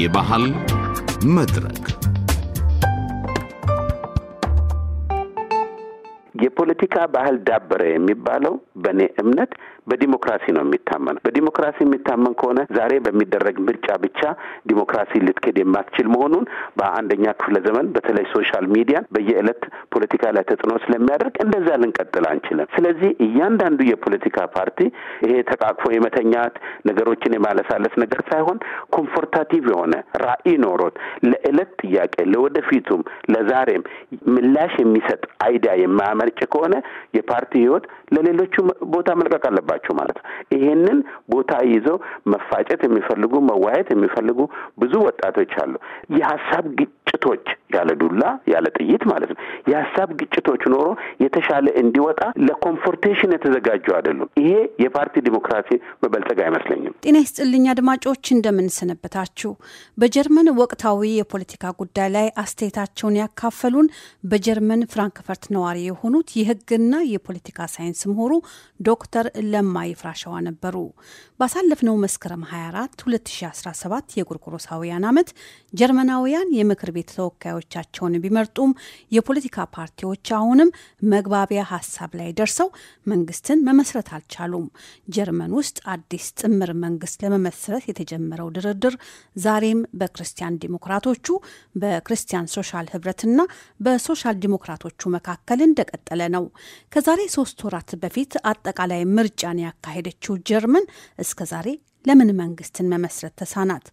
የባህል መድረክ የፖለቲካ ባህል ዳበረ የሚባለው በእኔ እምነት በዲሞክራሲ ነው የሚታመነው በዲሞክራሲ የሚታመን ከሆነ ዛሬ በሚደረግ ምርጫ ብቻ ዲሞክራሲ ልትክድ የማትችል መሆኑን በአንደኛ ክፍለ ዘመን በተለይ ሶሻል ሚዲያን በየዕለት ፖለቲካ ላይ ተጽዕኖ ስለሚያደርግ እንደዛ ልንቀጥል አንችልም። ስለዚህ እያንዳንዱ የፖለቲካ ፓርቲ ይሄ ተቃቅፎ የመተኛት ነገሮችን የማለሳለስ ነገር ሳይሆን ኮንፎርታቲቭ የሆነ ራዕይ ኖሮት ለዕለት ጥያቄ ለወደፊቱም ለዛሬም ምላሽ የሚሰጥ አይዲያ የማያመርጭ ከሆነ የፓርቲ ህይወት ለሌሎቹ ቦታ መልቀቅ አለባቸው። አለባቸው ማለት ነው። ይሄንን ቦታ ይዘው መፋጨት የሚፈልጉ መዋየት የሚፈልጉ ብዙ ወጣቶች አሉ። የሀሳብ ግጭቶች ያለ ዱላ ያለ ጥይት ማለት ነው። የሀሳብ ግጭቶች ኖሮ የተሻለ እንዲወጣ ለኮንፎርቴሽን የተዘጋጁ አይደሉም። ይሄ የፓርቲ ዲሞክራሲ መበልጸግ አይመስለኝም። ጤና ይስጥልኝ አድማጮች፣ እንደምንሰነበታችሁ። በጀርመን ወቅታዊ የፖለቲካ ጉዳይ ላይ አስተያየታቸውን ያካፈሉን በጀርመን ፍራንክፈርት ነዋሪ የሆኑት የህግና የፖለቲካ ሳይንስ ምሁሩ ዶክተር ለ እማ ፍራሻዋ ነበሩ። ባሳለፍነው መስከረም 24 2017 የጎርጎሮሳውያን ዓመት ጀርመናውያን የምክር ቤት ተወካዮቻቸውን ቢመርጡም የፖለቲካ ፓርቲዎች አሁንም መግባቢያ ሀሳብ ላይ ደርሰው መንግስትን መመስረት አልቻሉም። ጀርመን ውስጥ አዲስ ጥምር መንግስት ለመመስረት የተጀመረው ድርድር ዛሬም በክርስቲያን ዲሞክራቶቹ በክርስቲያን ሶሻል ህብረትና በሶሻል ዲሞክራቶቹ መካከል እንደቀጠለ ነው። ከዛሬ ሶስት ወራት በፊት አጠቃላይ ምርጫን ያካሄደችው ጀርመን እስከዛሬ ለምን መንግስትን መመስረት ተሳናት?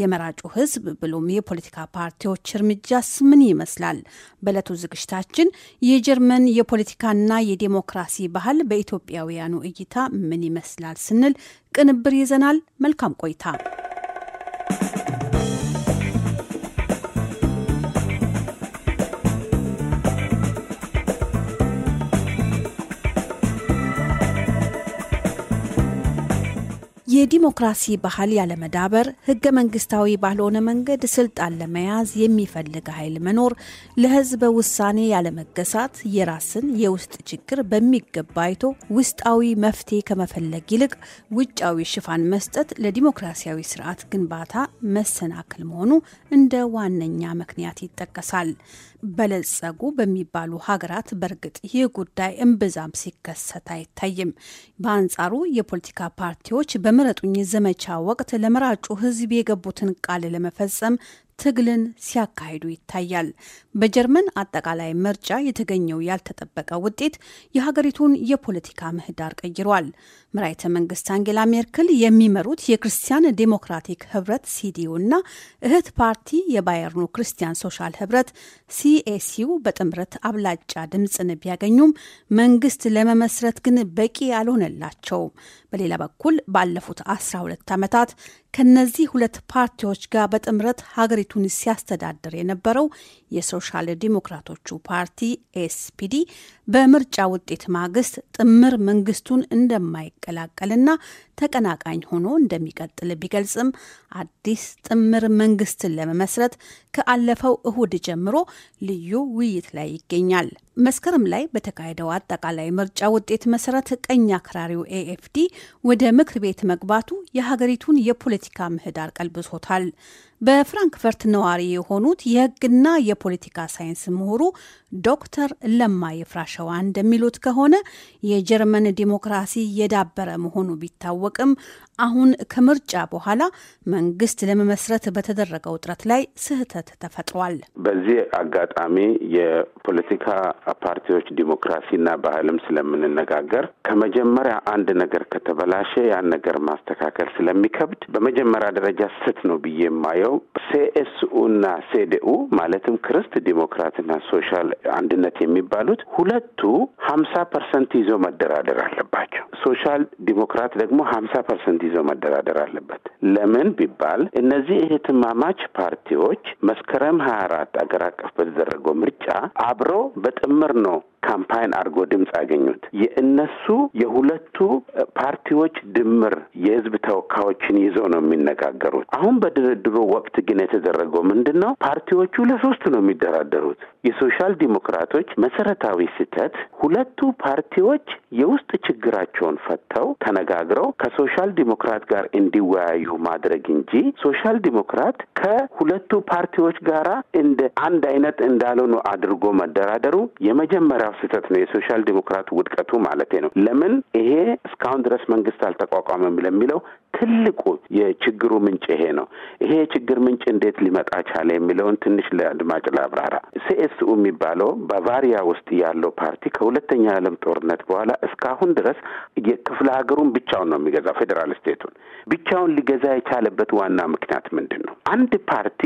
የመራጩ ህዝብ ብሎም የፖለቲካ ፓርቲዎች እርምጃስ ምን ይመስላል? በዕለቱ ዝግጅታችን የጀርመን የፖለቲካና የዴሞክራሲ ባህል በኢትዮጵያውያኑ እይታ ምን ይመስላል ስንል ቅንብር ይዘናል። መልካም ቆይታ። የዲሞክራሲ ባህል ያለመዳበር ህገ መንግስታዊ ባልሆነ መንገድ ስልጣን ለመያዝ የሚፈልግ ኃይል መኖር፣ ለህዝበ ውሳኔ ያለመገሳት፣ የራስን የውስጥ ችግር በሚገባ አይቶ ውስጣዊ መፍትሄ ከመፈለግ ይልቅ ውጫዊ ሽፋን መስጠት ለዲሞክራሲያዊ ስርዓት ግንባታ መሰናክል መሆኑ እንደ ዋነኛ ምክንያት ይጠቀሳል። በለጸጉ በሚባሉ ሀገራት በእርግጥ ይህ ጉዳይ እምብዛም ሲከሰት አይታይም። በአንጻሩ የፖለቲካ ፓርቲዎች በምረጡኝ ዘመቻ ወቅት ለመራጩ ሕዝብ የገቡትን ቃል ለመፈጸም ትግልን ሲያካሂዱ ይታያል። በጀርመን አጠቃላይ ምርጫ የተገኘው ያልተጠበቀ ውጤት የሀገሪቱን የፖለቲካ ምህዳር ቀይሯል። መራሒተ መንግስት አንጌላ ሜርክል የሚመሩት የክርስቲያን ዴሞክራቲክ ህብረት ሲዲዩ እና እህት ፓርቲ የባየርኑ ክርስቲያን ሶሻል ህብረት ሲኤስዩ በጥምረት አብላጫ ድምፅን ቢያገኙም መንግስት ለመመስረት ግን በቂ አልሆነላቸውም። በሌላ በኩል ባለፉት 12 ዓመታት ከነዚህ ሁለት ፓርቲዎች ጋር በጥምረት ሀገሪቱን ሲያስተዳድር የነበረው የሶሻል ዲሞክራቶቹ ፓርቲ ኤስፒዲ በምርጫ ውጤት ማግስት ጥምር መንግስቱን እንደማይቀላቀልና ተቀናቃኝ ሆኖ እንደሚቀጥል ቢገልጽም አዲስ ጥምር መንግስትን ለመመስረት ከአለፈው እሁድ ጀምሮ ልዩ ውይይት ላይ ይገኛል። መስከረም ላይ በተካሄደው አጠቃላይ ምርጫ ውጤት መሰረት ቀኝ አክራሪው ኤኤፍዲ ወደ ምክር ቤት መግባቱ የሀገሪቱን የፖለቲካ ምህዳር ቀልብሶታል። በፍራንክፈርት ነዋሪ የሆኑት የሕግና የፖለቲካ ሳይንስ ምሁሩ ዶክተር ለማ ይፍራሸዋ እንደሚሉት ከሆነ የጀርመን ዲሞክራሲ የዳበረ መሆኑ ቢታወቅም አሁን ከምርጫ በኋላ መንግስት ለመመስረት በተደረገው ጥረት ላይ ስህተት ተፈጥሯል። በዚህ አጋጣሚ የፖለቲካ ፓርቲዎች ዲሞክራሲና ባህልም ስለምንነጋገር ከመጀመሪያ አንድ ነገር ከተበላሸ ያን ነገር ማስተካከል ስለሚከብድ በመጀመሪያ ደረጃ ስህተት ነው ብዬ የማየው የታየው ሲኤስኡና ሴዴኡ ማለትም ክርስት ዲሞክራትና ሶሻል አንድነት የሚባሉት ሁለቱ ሀምሳ ፐርሰንት ይዞ መደራደር አለባቸው። ሶሻል ዲሞክራት ደግሞ ሀምሳ ፐርሰንት ይዞ መደራደር አለበት። ለምን ቢባል እነዚህ እህትማማች ፓርቲዎች መስከረም ሀያ አራት አገር አቀፍ በተደረገው ምርጫ አብረው በጥምር ነው ካምፓይን አድርጎ ድምፅ አገኙት። የእነሱ የሁለቱ ፓርቲዎች ድምር የህዝብ ተወካዮችን ይዘው ነው የሚነጋገሩት። አሁን በድርድሩ ወቅት ግን የተደረገው ምንድን ነው? ፓርቲዎቹ ለሶስት ነው የሚደራደሩት። የሶሻል ዲሞክራቶች መሰረታዊ ስህተት ሁለቱ ፓርቲዎች የውስጥ ችግራቸውን ፈተው ተነጋግረው ከሶሻል ዲሞክራት ጋር እንዲወያዩ ማድረግ እንጂ ሶሻል ዲሞክራት ከሁለቱ ፓርቲዎች ጋር እንደ አንድ አይነት እንዳልሆኑ አድርጎ መደራደሩ የመጀመሪያው ስህተት ነው። የሶሻል ዲሞክራት ውድቀቱ ማለት ነው። ለምን ይሄ እስካሁን ድረስ መንግስት አልተቋቋመም ለሚለው ትልቁ የችግሩ ምንጭ ይሄ ነው። ይሄ የችግር ምንጭ እንዴት ሊመጣ ቻለ የሚለውን ትንሽ ለአድማጭ ላብራራ። ሲኤስኡ የሚባለው ባቫሪያ ውስጥ ያለው ፓርቲ ከሁለተኛ የዓለም ጦርነት በኋላ እስካሁን ድረስ የክፍለ ሀገሩን ብቻውን ነው የሚገዛው። ፌዴራል ስቴቱን ብቻውን ሊገዛ የቻለበት ዋና ምክንያት ምንድን ነው? አንድ ፓርቲ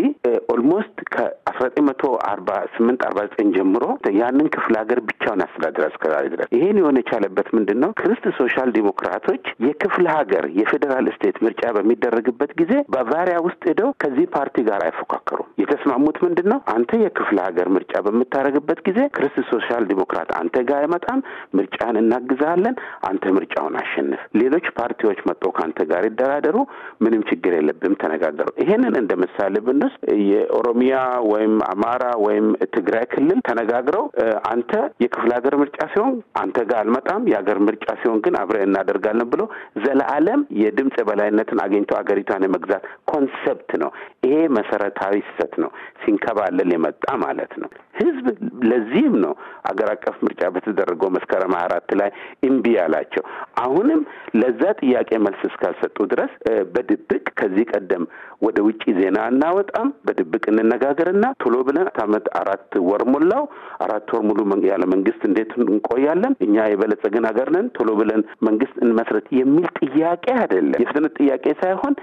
ኦልሞስት ከአስራ ዘጠኝ መቶ አርባ ስምንት አርባ ዘጠኝ ጀምሮ ያንን ክፍለ ሀገር ብቻውን ያስተዳድር እስከዛሬ ድረስ። ይሄን የሆነ የቻለበት ምንድን ነው? ክርስት ሶሻል ዲሞክራቶች የክፍለ ሀገር የፌዴራል ስቴት ምርጫ በሚደረግበት ጊዜ ባቫሪያ ውስጥ ሄደው ከዚህ ፓርቲ ጋር አይፎካከሩም። የተስማሙት ምንድን ነው? አንተ የክፍለ ሀገር ምርጫ በምታደርግበት ጊዜ ክርስት ሶሻል ዲሞክራት አንተ ጋር አይመጣም፣ ምርጫን እናግዛለን፣ አንተ ምርጫውን አሸንፍ፣ ሌሎች ፓርቲዎች መጦ ከአንተ ጋር ይደራደሩ፣ ምንም ችግር የለብም፣ ተነጋገሩ። ይሄንን እንደ ምሳሌ ብንወስድ የኦሮሚያ ወይም አማራ ወይም ትግራይ ክልል ተነጋግረው አንተ የክፍለ ሀገር ምርጫ ሲሆን አንተ ጋር አልመጣም፣ የሀገር ምርጫ ሲሆን ግን አብረን እናደርጋለን ብሎ ዘለዓለም የድምፅ የበላይነትን አግኝቶ አገሪቷን የመግዛት ኮንሰፕት ነው። ይሄ መሰረታዊ ስህተት ነው፣ ሲንከባለል የመጣ ማለት ነው። ህዝብ ለዚህም ነው አገር አቀፍ ምርጫ በተደረገው መስከረም ሀያ አራት ላይ እምቢ ያላቸው። አሁንም ለዛ ጥያቄ መልስ እስካልሰጡ ድረስ በድብቅ ከዚህ ቀደም ወደ ውጭ ዜና እናወጣም፣ በድብቅ እንነጋገርና ቶሎ ብለን አመት አራት ወር ሞላው፣ አራት ወር ሙሉ ያለ መንግስት እንዴት እንቆያለን? እኛ የበለጸግን ሀገር ነን፣ ቶሎ ብለን መንግስት እንመስረት የሚል ጥያቄ አይደለም። የፍጥነት ጥያቄ ሳይሆን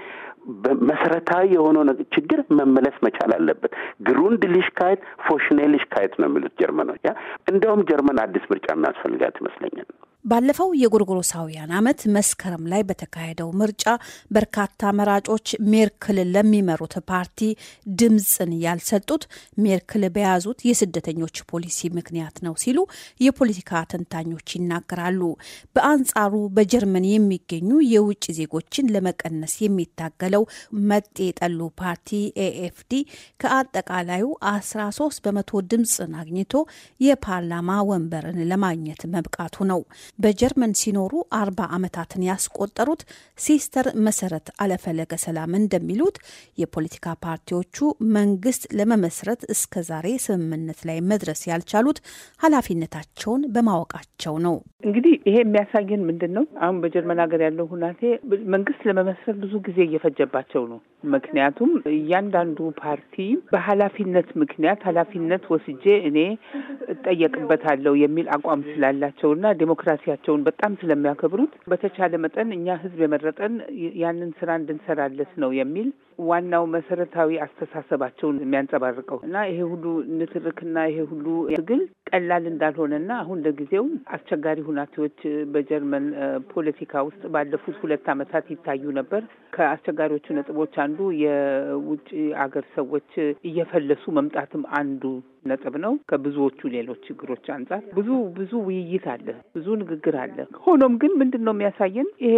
መሰረታዊ የሆነው ችግር መመለስ መቻል አለበት። ሊሽ ካየት ነው የሚሉት ጀርመኖች። ያ እንደውም ጀርመን አዲስ ምርጫ የሚያስፈልጋት ይመስለኛል። ባለፈው የጎርጎሮሳውያን ዓመት መስከረም ላይ በተካሄደው ምርጫ በርካታ መራጮች ሜርክል ለሚመሩት ፓርቲ ድምፅን ያልሰጡት ሜርክል በያዙት የስደተኞች ፖሊሲ ምክንያት ነው ሲሉ የፖለቲካ ተንታኞች ይናገራሉ። በአንጻሩ በጀርመን የሚገኙ የውጭ ዜጎችን ለመቀነስ የሚታገለው መጤ የጠሉ ፓርቲ ኤኤፍዲ ከአጠቃላዩ 13 በመቶ ድምፅን አግኝቶ የፓርላማ ወንበርን ለማግኘት መብቃቱ ነው። በጀርመን ሲኖሩ አርባ ዓመታትን ያስቆጠሩት ሲስተር መሰረት አለፈለገ ሰላም እንደሚሉት የፖለቲካ ፓርቲዎቹ መንግስት ለመመስረት እስከ ዛሬ ስምምነት ላይ መድረስ ያልቻሉት ኃላፊነታቸውን በማወቃቸው ነው። እንግዲህ ይሄ የሚያሳየን ምንድን ነው? አሁን በጀርመን ሀገር ያለው ሁናቴ መንግስት ለመመስረት ብዙ ጊዜ እየፈጀባቸው ነው። ምክንያቱም እያንዳንዱ ፓርቲ በኃላፊነት ምክንያት ኃላፊነት ወስጄ እኔ እጠየቅበታለሁ የሚል አቋም ስላላቸው ና ዴሞክራሲያቸውን በጣም ስለሚያከብሩት በተቻለ መጠን እኛ ህዝብ የመረጠን ያንን ስራ እንድንሰራለት ነው የሚል ዋናው መሰረታዊ አስተሳሰባቸውን የሚያንጸባርቀው እና ይሄ ሁሉ ንትርክና ይሄ ሁሉ ትግል ቀላል እንዳልሆነና አሁን ለጊዜውም አስቸጋሪ ሁናቴዎች በጀርመን ፖለቲካ ውስጥ ባለፉት ሁለት ዓመታት ይታዩ ነበር። ከአስቸጋሪዎቹ ነጥቦች አንዱ የውጭ አገር ሰዎች እየፈለሱ መምጣትም አንዱ ነጥብ ነው። ከብዙዎቹ ሌሎች ችግሮች አንጻር ብዙ ብዙ ውይይት አለ፣ ብዙ ንግግር አለ። ሆኖም ግን ምንድን ነው የሚያሳየን ይሄ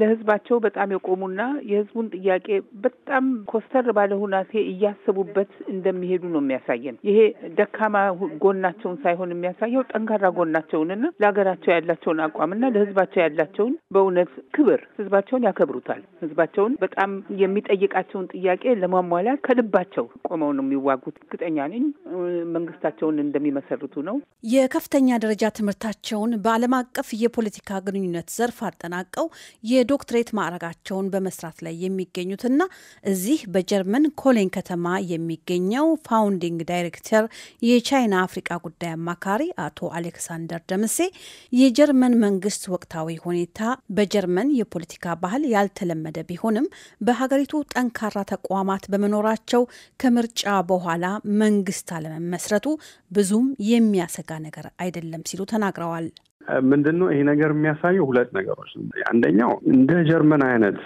ለህዝባቸው በጣም የቆሙና የህዝቡን ጥያቄ በጣም ኮስተር ባለ ሁናቴ እያሰቡበት እንደሚሄዱ ነው የሚያሳየን። ይሄ ደካማ ጎናቸውን ሳይሆን የሚያሳየው ጠንካራ ጎናቸውንና ለሀገራቸው ያላቸውን አቋምና ለህዝባቸው ያላቸውን በእውነት ክብር፣ ህዝባቸውን ያከብሩታል። ህዝባቸውን በጣም የሚጠይቃቸውን ጥያቄ ለማሟላት ከልባቸው ቆመው ነው የሚዋጉት። እርግጠኛ ነኝ መንግስታቸውን እንደሚመሰርቱ ነው። የከፍተኛ ደረጃ ትምህርታቸውን በዓለም አቀፍ የፖለቲካ ግንኙነት ዘርፍ አጠናቀው የዶክትሬት ማዕረጋቸውን በመስራት ላይ የሚገኙትና እዚህ በጀርመን ኮሌን ከተማ የሚገኘው ፋውንዲንግ ዳይሬክተር የቻይና አፍሪቃ ጉዳይ አማካሪ አቶ አሌክሳንደር ደምሴ የጀርመን መንግስት ወቅታዊ ሁኔታ በጀርመን የፖለቲካ ባህል ያልተለመደ ቢሆንም በሀገሪቱ ጠንካራ ተቋማት በመኖራቸው ከምርጫ በኋላ መንግስት አለመ መመስረቱ ብዙም የሚያሰጋ ነገር አይደለም ሲሉ ተናግረዋል። ምንድን ነው ይሄ ነገር የሚያሳየው? ሁለት ነገሮች። አንደኛው እንደ ጀርመን አይነት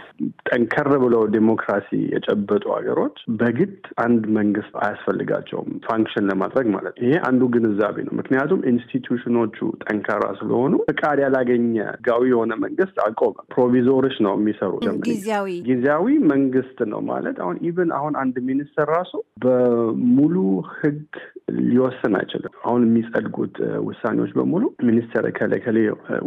ጠንከር ብለው ዴሞክራሲ የጨበጡ ሀገሮች በግድ አንድ መንግስት አያስፈልጋቸውም ፋንክሽን ለማድረግ ማለት ነው። ይሄ አንዱ ግንዛቤ ነው። ምክንያቱም ኢንስቲትዩሽኖቹ ጠንካራ ስለሆኑ ፈቃድ ያላገኘ ህጋዊ የሆነ መንግስት አቆመ። ፕሮቪዞርሽ ነው የሚሰሩ ጊዜያዊ ጊዜያዊ መንግስት ነው ማለት አሁን ኢቨን አሁን አንድ ሚኒስትር ራሱ በሙሉ ህግ ሊወስን አይችልም። አሁን የሚጸድቁት ውሳኔዎች በሙሉ ሚኒስተር ከሌ ከሌ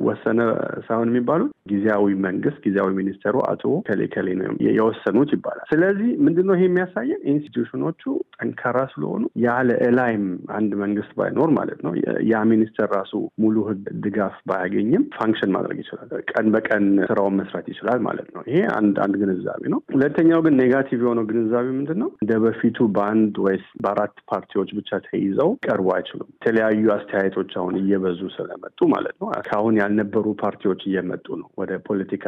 ወሰነ ሳይሆን የሚባሉት ጊዜያዊ መንግስት ጊዜያዊ ሚኒስተሩ አቶ ከሌ ከሌ ነው የወሰኑት ይባላል። ስለዚህ ምንድነው ይሄ የሚያሳየን ኢንስቲትዩሽኖቹ ጠንካራ ስለሆኑ ያለ እላይም አንድ መንግስት ባይኖር ማለት ነው ያ ሚኒስተር ራሱ ሙሉ ህግ ድጋፍ ባያገኝም ፋንክሽን ማድረግ ይችላል። ቀን በቀን ስራውን መስራት ይችላል ማለት ነው። ይሄ አንድ አንድ ግንዛቤ ነው። ሁለተኛው ግን ኔጋቲቭ የሆነው ግንዛቤ ምንድን ነው? እንደ በፊቱ በአንድ ወይስ በአራት ፓርቲዎች ብቻ ተይዘው ቀርቡ አይችሉም። የተለያዩ አስተያየቶች አሁን እየበዙ ስለመጡ ማለት ነው። ከአሁን ያልነበሩ ፓርቲዎች እየመጡ ነው ወደ ፖለቲካ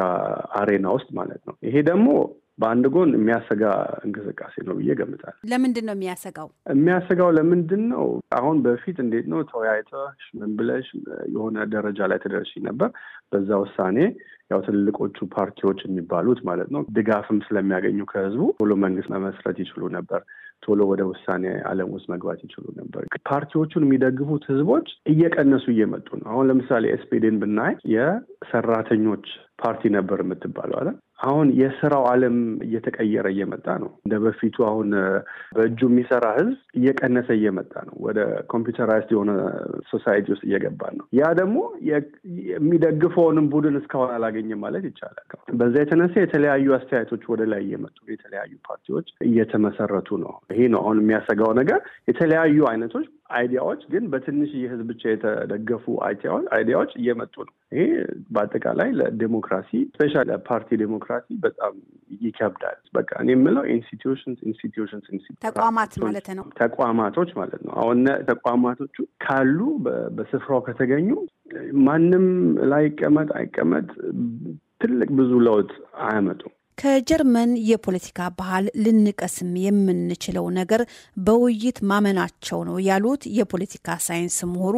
አሬና ውስጥ ማለት ነው። ይሄ ደግሞ በአንድ ጎን የሚያሰጋ እንቅስቃሴ ነው ብዬ ገምታል። ለምንድን ነው የሚያሰጋው? የሚያሰጋው ለምንድን ነው? አሁን በፊት እንዴት ነው ተወያይተሽ ምን ብለሽ የሆነ ደረጃ ላይ ተደርሽ ነበር። በዛ ውሳኔ ያው ትልልቆቹ ፓርቲዎች የሚባሉት ማለት ነው ድጋፍም ስለሚያገኙ ከህዝቡ ሁሉ መንግስት መመስረት ይችሉ ነበር። ቶሎ ወደ ውሳኔ ዓለም ውስጥ መግባት ይችሉ ነበር። ፓርቲዎቹን የሚደግፉት ህዝቦች እየቀነሱ እየመጡ ነው። አሁን ለምሳሌ ኤስፔዴን ብናይ የሰራተኞች ፓርቲ ነበር የምትባለው አለ አሁን የስራው ዓለም እየተቀየረ እየመጣ ነው። እንደ በፊቱ አሁን በእጁ የሚሰራ ህዝብ እየቀነሰ እየመጣ ነው። ወደ ኮምፒውተራይዝድ የሆነ ሶሳይቲ ውስጥ እየገባ ነው። ያ ደግሞ የሚደግፈውንም ቡድን እስካሁን አላገኘም ማለት ይቻላል። በዛ የተነሳ የተለያዩ አስተያየቶች ወደ ላይ እየመጡ የተለያዩ ፓርቲዎች እየተመሰረቱ ነው። ይሄ ነው አሁን የሚያሰጋው ነገር የተለያዩ አይነቶች አይዲያዎች ግን በትንሽ የህዝብ ብቻ የተደገፉ አይዲያዎች እየመጡ ነው። ይሄ በአጠቃላይ ለዴሞክራሲ ስፔሻ ለፓርቲ ዴሞክራሲ በጣም ይከብዳል። በቃ እኔ የምለው ኢንስቲትዩሽንስ ኢንስቲትዩሽንስ ተቋማት ማለት ነው ተቋማቶች ማለት ነው። አሁን ተቋማቶቹ ካሉ በስፍራው ከተገኙ ማንም ላይ አይቀመጥ ትልቅ ብዙ ለውጥ አያመጡም። ከጀርመን የፖለቲካ ባህል ልንቀስም የምንችለው ነገር በውይይት ማመናቸው ነው ያሉት የፖለቲካ ሳይንስ ምሁሩ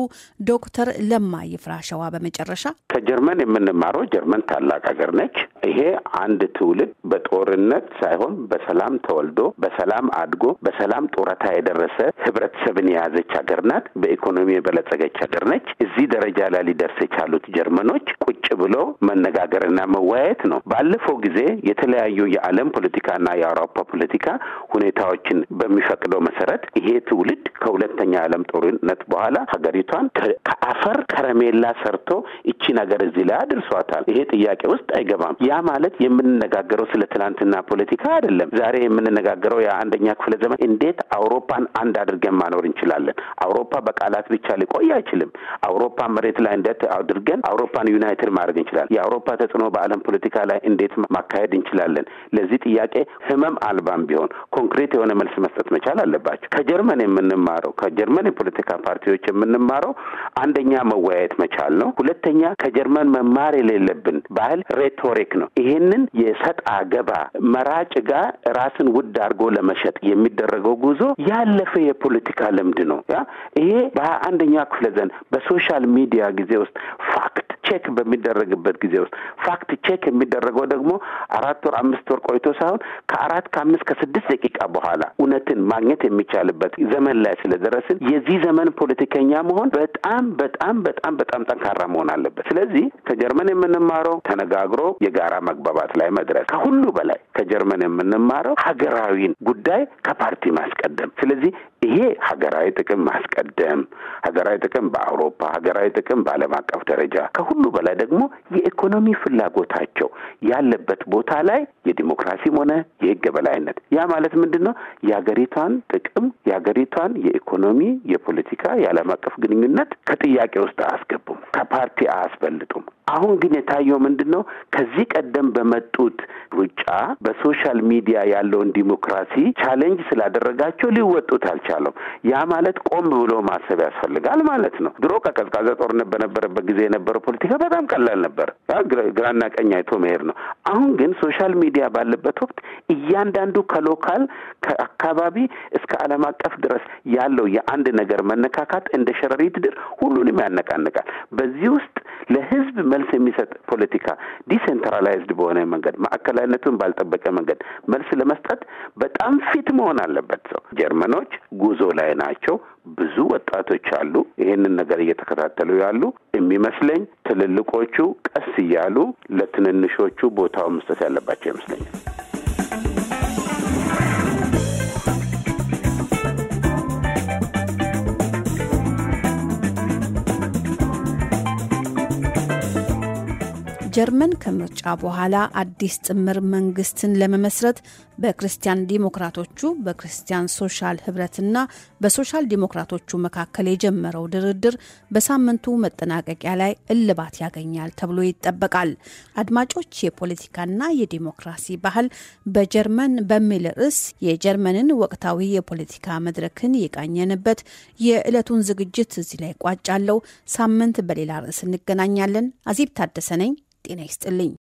ዶክተር ለማ ይፍራሸዋ በመጨረሻ ከጀርመን የምንማረው ጀርመን ታላቅ ሀገር ነች። ይሄ አንድ ትውልድ በጦርነት ሳይሆን በሰላም ተወልዶ በሰላም አድጎ በሰላም ጡረታ የደረሰ ህብረተሰብን የያዘች ሀገር ናት። በኢኮኖሚ የበለጸገች ሀገር ነች። እዚህ ደረጃ ላይ ሊደርስ የቻሉት ጀርመኖች ቁጭ ብሎ መነጋገርና መወያየት ነው። ባለፈው ጊዜ የተለያዩ የዓለም ፖለቲካና የአውሮፓ ፖለቲካ ሁኔታዎችን በሚፈቅደው መሰረት ይሄ ትውልድ ከሁለተኛ ዓለም ጦርነት በኋላ ሀገሪቷን ከአፈር ከረሜላ ሰርቶ እቺ ሀገር እዚህ ላይ አድርሷታል። ይሄ ጥያቄ ውስጥ አይገባም። ያ ማለት የምንነጋገረው ስለ ትናንትና ፖለቲካ አይደለም። ዛሬ የምንነጋገረው የአንደኛ ክፍለ ዘመን እንዴት አውሮፓን አንድ አድርገን ማኖር እንችላለን። አውሮፓ በቃላት ብቻ ሊቆይ አይችልም። አውሮፓ መሬት ላይ እንዴት አድርገን አውሮፓን ዩናይትድ ማድረግ እንችላለን። የአውሮፓ ተጽዕኖ በዓለም ፖለቲካ ላይ እንዴት ማካሄድ እንችላለን። ለዚህ ጥያቄ ህመም አልባም ቢሆን ኮንክሪት የሆነ መልስ መስጠት መቻል አለባቸው። ከጀርመን የምንማረው ከጀርመን የፖለቲካ ፓርቲዎች የምንማረው አንደኛ መወያየት መቻል ነው። ሁለተኛ ከጀርመን መማር የሌለብን ባህል ሬቶሪክ ነው። ይሄንን የሰጣ ገባ መራጭ ጋር ራስን ውድ አድርጎ ለመሸጥ የሚደረገው ጉዞ ያለፈ የፖለቲካ ልምድ ነው። ያ ይሄ በሀያ አንደኛ ክፍለ ዘመን በሶሻል ሚዲያ ጊዜ ውስጥ ፋክት ቼክ በሚደረግበት ጊዜ ውስጥ ፋክት ቼክ የሚደረገው ደግሞ አራት ወር አምስት ወር ቆይቶ ሳይሆን ከአራት ከአምስት ከስድስት ደቂቃ በኋላ እውነትን ማግኘት የሚቻልበት ዘመን ላይ ስለደረስን የዚህ ዘመን ፖለቲከኛ መሆን በጣም በጣም በጣም በጣም ጠንካራ መሆን አለበት። ስለዚህ ከጀርመን የምንማረው ተነጋግሮ የጋራ መግባባት ላይ መድረስ፣ ከሁሉ በላይ ከጀርመን የምንማረው ሀገራዊን ጉዳይ ከፓርቲ ማስቀደም። ስለዚህ ይሄ ሀገራዊ ጥቅም ማስቀደም፣ ሀገራዊ ጥቅም በአውሮፓ ሀገራዊ ጥቅም በዓለም አቀፍ ደረጃ ከሁሉ ከሁሉ በላይ ደግሞ የኢኮኖሚ ፍላጎታቸው ያለበት ቦታ ላይ የዲሞክራሲም ሆነ የህግ በላይነት ያ ማለት ምንድን ነው? የሀገሪቷን ጥቅም የሀገሪቷን የኢኮኖሚ፣ የፖለቲካ፣ የዓለም አቀፍ ግንኙነት ከጥያቄ ውስጥ አያስገቡም፣ ከፓርቲ አያስበልጡም፣ አሁን ግን የታየው ምንድን ነው? ከዚህ ቀደም በመጡት ሩጫ በሶሻል ሚዲያ ያለውን ዲሞክራሲ ቻሌንጅ ስላደረጋቸው ሊወጡት አልቻለም። ያ ማለት ቆም ብሎ ማሰብ ያስፈልጋል ማለት ነው። ድሮ ከቀዝቃዘ ጦርነት በነበረበት ጊዜ የነበረው ፖለቲካ በጣም ቀላል ነበር። ግራና ቀኝ አይቶ መሄድ ነው። አሁን ግን ሶሻል ሚዲያ ባለበት ወቅት እያንዳንዱ ከሎካል ከአካባቢ እስከ ዓለም አቀፍ ድረስ ያለው የአንድ ነገር መነካካት እንደ ሸረሪት ድር ሁሉንም ያነቃንቃል። በዚህ ውስጥ ለህዝብ መ መልስ የሚሰጥ ፖለቲካ ዲሴንትራላይዝድ በሆነ መንገድ ማዕከላዊነቱን ባልጠበቀ መንገድ መልስ ለመስጠት በጣም ፊት መሆን አለበት ሰው። ጀርመኖች ጉዞ ላይ ናቸው። ብዙ ወጣቶች አሉ ይህንን ነገር እየተከታተሉ ያሉ የሚመስለኝ። ትልልቆቹ ቀስ እያሉ ለትንንሾቹ ቦታውን መስጠት ያለባቸው ይመስለኛል። ጀርመን ከምርጫ በኋላ አዲስ ጥምር መንግስትን ለመመስረት በክርስቲያን ዲሞክራቶቹ በክርስቲያን ሶሻል ህብረትና በሶሻል ዲሞክራቶቹ መካከል የጀመረው ድርድር በሳምንቱ መጠናቀቂያ ላይ እልባት ያገኛል ተብሎ ይጠበቃል። አድማጮች፣ የፖለቲካና የዲሞክራሲ ባህል በጀርመን በሚል ርዕስ የጀርመንን ወቅታዊ የፖለቲካ መድረክን የቃኘንበት የዕለቱን ዝግጅት እዚህ ላይ ቋጫለው። ሳምንት በሌላ ርዕስ እንገናኛለን። አዚብ ታደሰ ነኝ። ጤና ይስጥልኝ።